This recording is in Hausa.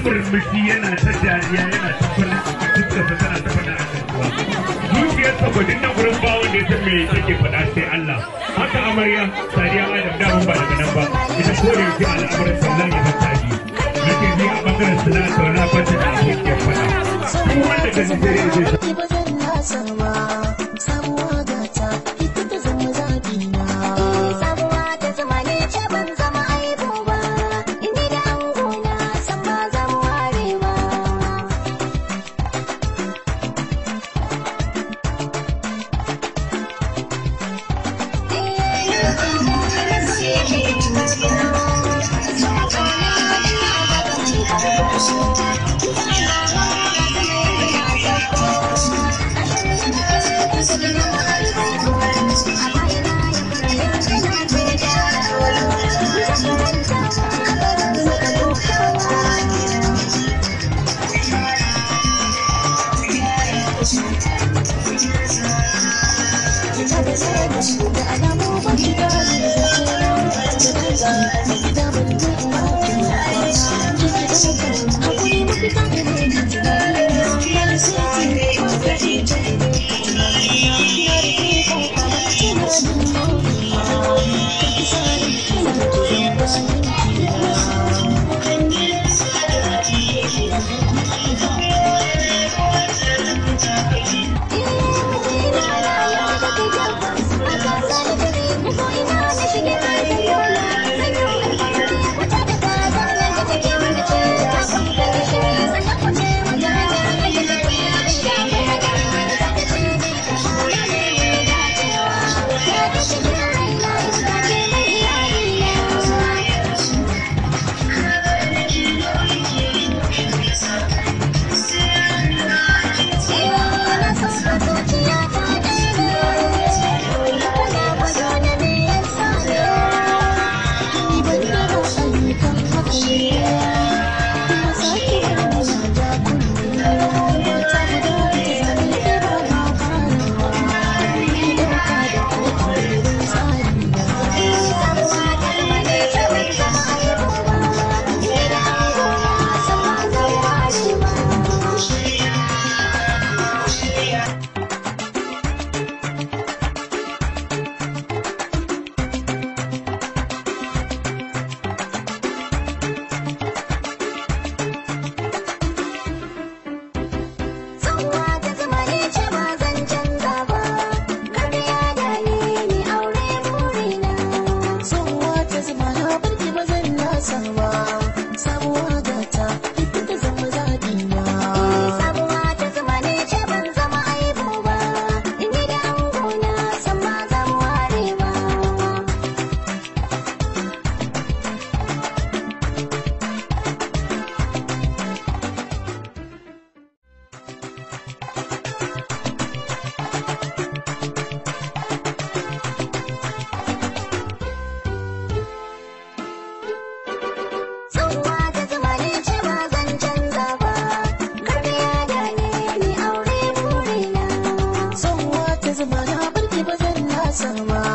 murmushi yana ta dariya yana ta farin duk da ta tana ta faɗa a kasuwa dukiyar sa gudun nan gurin ba wanda faɗa sai Allah haka amarya sariya adam da ba daga nan ba ita ko da yake al'amuran sallan ya fata ji nake ni a bangaren sana'a na fata da abokiyar faɗa duk Yeah. sama